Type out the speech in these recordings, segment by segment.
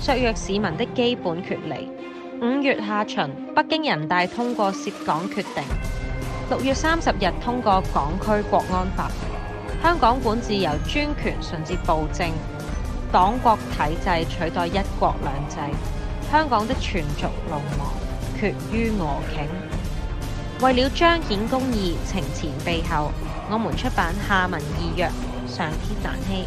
削弱市民的基本權利。五月下旬，北京人大通過涉港決定；六月三十日通過港區國安法。香港管治由專權順至暴政，黨國體制取代一國兩制。香港的全族淪亡，決於俄頃。為了彰顯公義，懲前毖後，我們出版下文異約，上天難欺。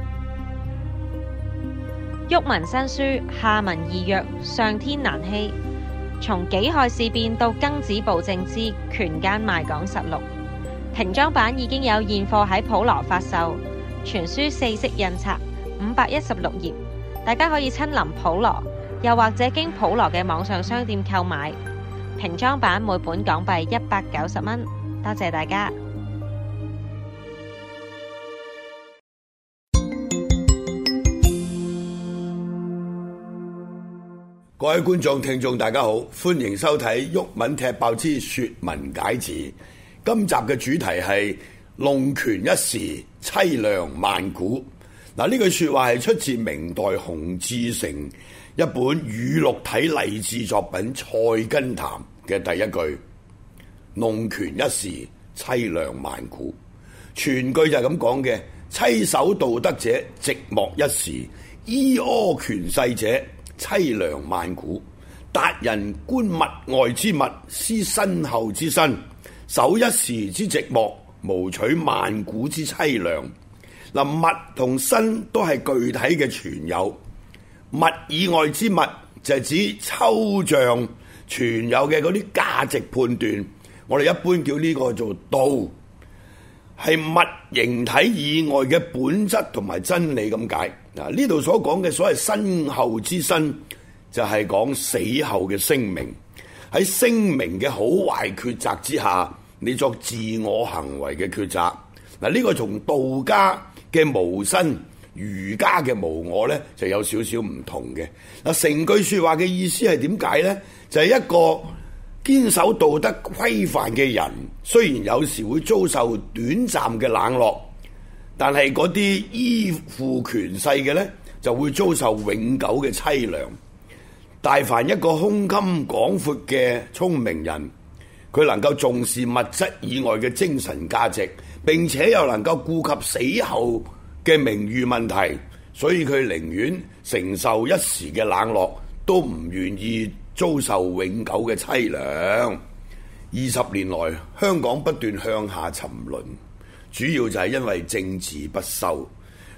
《毓民新書》，下民易虐，上天難欺。從己亥事變到庚子暴政之權奸賣港實錄平裝版，已經有現貨喺普羅發售。全書四色印刷，五百一十六頁，大家可以親臨普羅，又或者經普羅嘅網上商店購買。平裝版每本港幣一百九十蚊。多謝大家。各位觀眾、聽眾，大家好，歡迎收睇《毓民踢爆之說文解字》。今集嘅主題係“弄權一時淒涼萬古”。嗱，呢句說話係出自明代洪自誠一本語錄體勵志作品《菜根譚》嘅第一句，“弄權一時淒涼萬古”。全句就係咁講嘅：棲守道德者寂寞一時，依阿權勢者。淒涼萬古，達人觀物外之物，思身後之身，守一時之寂寞，無取萬古之淒涼。嗱，物同身都係具體嘅存有，物以外之物就係指抽象存有嘅嗰啲價值判斷。我哋一般叫呢個做道，係物形體以外嘅本質同埋真理咁解。嗱，呢度所講嘅所謂身後之身，就係、是、講死後嘅聲名。喺聲名嘅好壞抉擇之下，你作自我行為嘅抉擇。嗱，呢個從道家嘅無身、儒家嘅無我點點呢，就有少少唔同嘅。嗱，成句説話嘅意思係點解呢？就係一個堅守道德規範嘅人，雖然有時會遭受短暫嘅冷落。但係嗰啲依附權勢嘅呢，就會遭受永久嘅淒涼。但凡一個胸襟廣闊嘅聰明人，佢能夠重視物質以外嘅精神價值，並且又能夠顧及死後嘅名譽問題，所以佢寧願承受一時嘅冷落，都唔願意遭受永久嘅淒涼。二十年來，香港不斷向下沉淪。主要就係因為政治不修，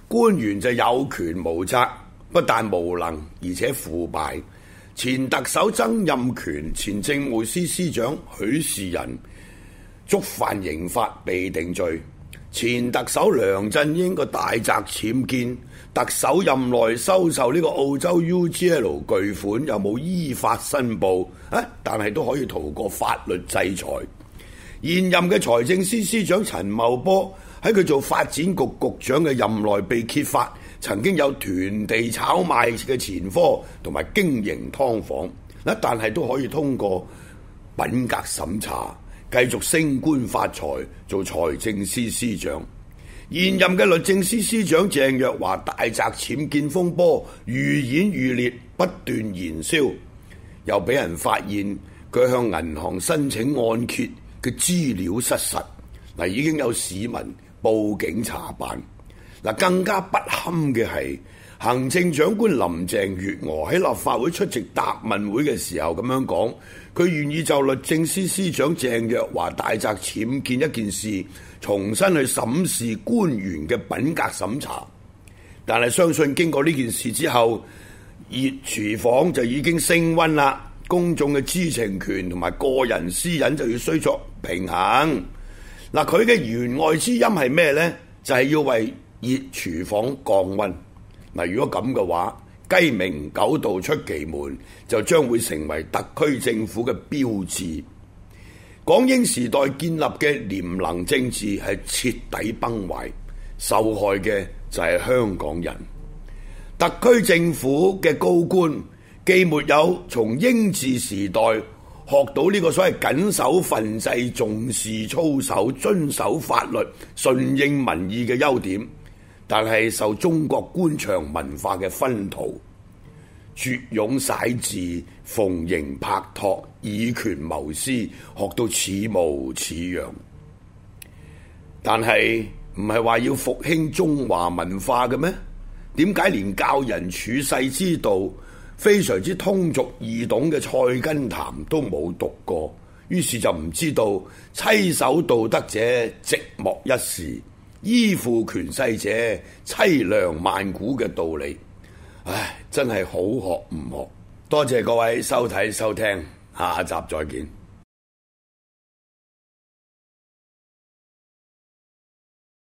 官員就有權無責，不但無能，而且腐敗。前特首曾蔭權、前政務司司長許仕仁觸犯刑法被定罪，前特首梁振英個大宅僭建，特首任內收受呢個澳洲 UGL 巨款又冇依法申報，但係都可以逃過法律制裁。現任嘅財政司司長陳茂波喺佢做發展局局長嘅任內被揭發曾經有囤地炒賣嘅前科同埋經營劏房，但係都可以通過品格審查，繼續升官發財做財政司司長。現任嘅律政司司長鄭若驊大宅僭建風波愈演愈烈，不斷燃燒，又俾人發現佢向銀行申請按揭。嘅資料失實，已經有市民報警查辦。更加不堪嘅係行政長官林鄭月娥喺立法會出席答問會嘅時候咁樣講，佢願意就律政司司長鄭若驊大宅僭建一件事，重新去審視官員嘅品格審查。但係相信經過呢件事之後，熱廚房就已經升溫啦。公眾嘅知情權同埋個人私隱就要需作平衡。嗱，佢嘅弦外之音係咩呢？就係、是、要為熱廚房降温。嗱，如果咁嘅話，雞鳴狗盜出奇門就將會成為特區政府嘅標誌。港英時代建立嘅廉能政治係徹底崩壞，受害嘅就係香港人。特區政府嘅高官。既沒有從英治時代學到呢個所謂謹守憲制、重視操守、遵守法律、順應民意嘅優點，但係受中國官場文化嘅薰陶，吮癰舐痔、奉迎拍拖、以權謀私，學到似模似樣。但係唔係話要復興中華文化嘅咩？點解連教人處世之道，非常之通俗易懂嘅《菜根譚》都冇讀過，於是就唔知道妻守道德者寂寞一時，依附權勢者淒涼萬古嘅道理。唉，真係好學唔學。多謝各位收睇收聽，下集再見。